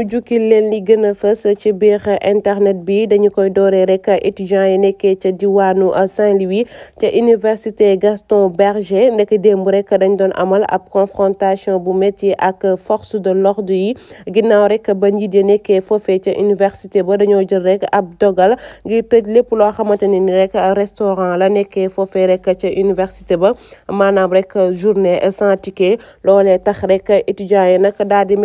ñu jukki leen li gën a fës ci biir internet bi dañu koy dooree rek étudiants yi nekkee ca diwaanu Saint-Louis ca université Gaston Berger ndek démb rek dañ doon amal ab confrontation bu métti ak force de l'ordre yi ginnaaw rek ba njiit yi nekkee foofee ca université ba dañoo jël rek ab dogal ngir tëj lépp loo xamante ne ni rek restaurant la nekkee foofee rek ca université ba maanaam rek journée sans ticket tax rek étudiants yi nag daal di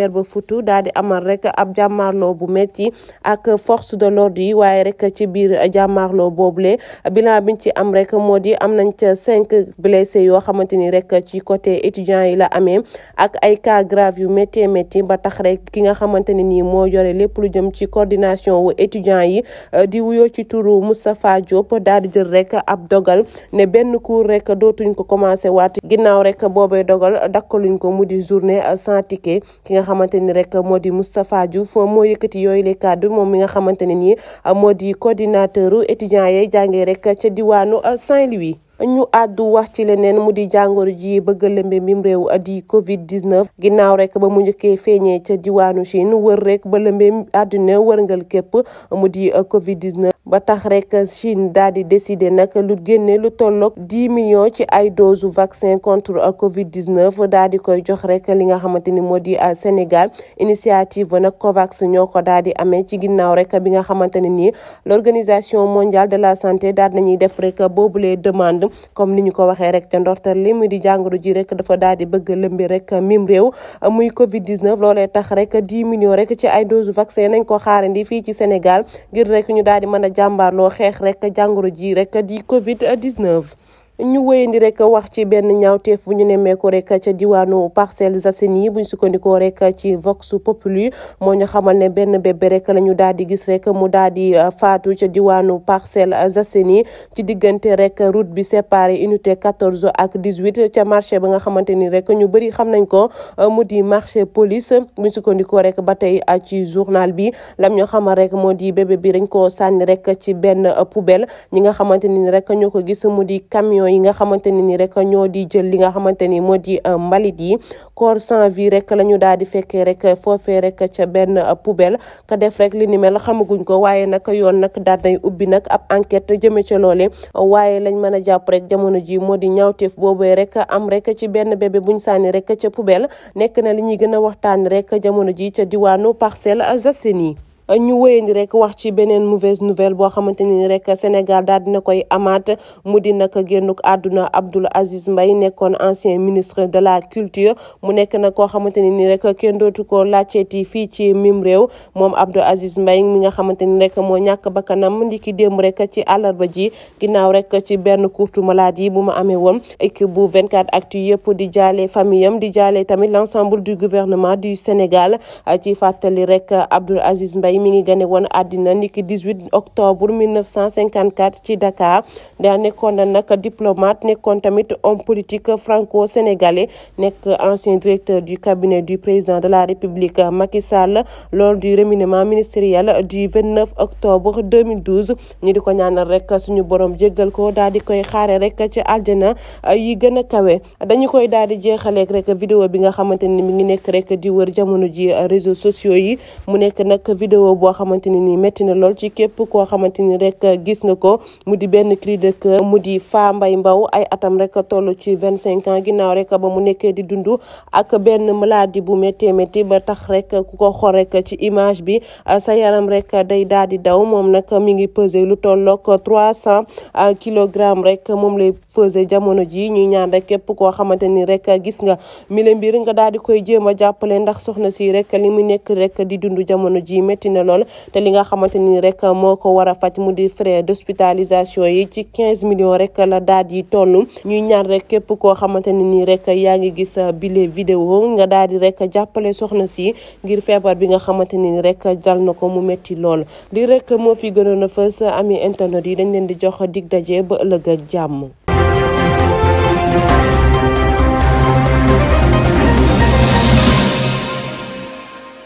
rek ab jàmmaarloo bu metti ak force de l'ordre yi waaye rek ci biir jàmmaarloo boobule bilan biñ ci am rek moo di am nañ ca cinq blessés yoo xamante ni rek ci côté étudiants yi la amee ak ay cas grave yu métti métti ba tax rek ki nga xamante ne nii moo yore lépp lu jëm ci coordination wu étudiants yi euh, di wuyoo ci turu Moustapha Diop daal di jël rek ab dogal ne benn cours rek dootuñ ko commencé waat ginnaaw rek boobee dogal dakkaluñ ko mu di journée sans ticket ki nga xamante Moustapha Diouf moo yooyu le kàddu moom mi nga xamante ne nii moo di coordinateur étudiants yee jàngee rek ca diwaanu Saint-Louis ñu àddu wax ci leneen mu di jàngoro ji bëgg lëmbe mim réew di Covid 19 ginnaaw rek ba mu njëkkee feeñee ca diwaanu Chine wër rek ba lëmbe àdduna wërngal képp mu di euh, Covid 19. ba tax rek Chine daal di décider nag lu génne lu tolloog dix millions ci ay doses vaccin contre euh, Covid 19 daal di koy jox rek li nga xamante ni moo di euh, Sénégal initiative nag COVAX ñoo ko daal di amee ci ginnaaw rek bi nga xamante ne nii l' organisation de la santé daal nañuy def rek boobule demande. kaddu comme ni ñu ko waxee rek te ndorteel li mu di jàngoro ji rek dafa daal di bëgg lëmbi rek mim réew muy Covid 19 loolee tax rek 10 millions rek ci ay doses vaccin nañ ko xaarandi fii ci Sénégal ngir rek ñu daal di mën a jàmbaarloo xeex rek jàngoro ji rek di Covid 19. ñu wéyandi rek wax ci benn ñaawteef bu ñu nemmeeku rek ca diwaanu Parcelles Assainies bu ñu sukkandikoo rek ci Vox Populi moo ñu xamal ne benn bébé rek la ñu daal di gis rek mu daal di euh, faatu ca diwaanu Parcelles Assainies ci diggante rek route bi séparé unité 14 ak 18 ca marché ba nga xamante ni rek ñu bëri xam nañ ko euh, mu di marché police bu ñu sukkandikoo rek ba tey euh, ci journal bi lam ñu xamal rek moo di bébé bi dañ ko sànni rek ci benn poubelle ñi nga xamante ni rek ñoo ko gis mu di camion. camion yi nga xamante ne ni rek ñoo di jël li nga xamante ni moo di euh, mbalit yi corps sans vie rek la ñu daal di fekkee rek foofee rek ca benn euh, poubelle ka def rek li ni mel xamaguñ ko waaye nag yoon nag daal day ubbi nag ab enquête jëme ca loole waaye lañ mën a jàpp rek jamono ji moo di ñaawteef boobee rek am rek ci benn bébé buñ sànni rek ca poubelle nekk na li ñuy gën a waxtaan rek jamono ji ca diwaanu Parcelles Assainies ñu wéyandi rek wax ci beneen mauvaise nouvelle boo xamante ni rek Sénégal daal dina koy amaat mu di nag génnuk àdduna Abdoul Aziz mbay nekkoon ancien ministre de la culture mu nekk na koo xamante ni ni rek kenn dootu ko laajteeti fii ci mim réew moom Abdoul Aziz mbay mi nga xamante ni rek moo ñàkk bakkanam ndiki démb rek ci àllarba ji ginnaaw rek ci benn courte maladie bu ma amee woon équipe bu 24 actu yëpp di jaale famille am di jaale tamit l'ensemble du gouvernement du Sénégal ci fàttali rek Abdoul Aziz Mbaye Ndiaye mi ngi gane woon àddina niki 18 octobre 1954 ci Dakar daa nekkoon na nag diplomate nekkoon tamit homme politique franco-sénégalais nekk ancien directeur du cabinet du président de la République Macky Sall lors du remaniement ministériel du 29 octobre 2012 ñu di ko ñaanal rek suñu borom jéggal ko daal di koy xaare rek ci aljana yi gën a kawe dañu koy daal di jeexaleeg rek vidéo bi nga xamante ni mi ngi nekk rek di wër jamono ji réseaux sociaux yi mu nekk nag vidéo vidéo boo xamante ne nii métti na lool ci képp koo xamante ni rek gis nga ko mu di benn cri de cœur mu di Faa Mbay Mbaw ay atam rek toll ci vingt cinq ans ginnaaw rek ba mu nekkee di dund ak benn maladie bu méttee métti ba tax rek ku ko xool rek ci image bi sa yaram rek day daal di daw moom nag mi ngi pesé lu tollook trois cent kilogramme rek moom lay pesé jamono ji ñuy ñaan rek képp koo xamante ni rek gis nga mi le mbir nga daal koy jéem a jàppale ndax soxna si rek li na lool te li nga xamante ni rek moo ko wara faj mu di frais d'hospitalisation yi ci 15 millions rek la daal di toll ñuy ñaan rek képp koo xamante ni nii rek yaa ngi gis bile video nga daal di rek jàppale soxna si ngir feebar bi nga xamante ni rek dal na ko mu metti lool li rek moo fi gëna a fës ami internet yi dañ leen di jox dig dajee ba ëllëg ak jàmm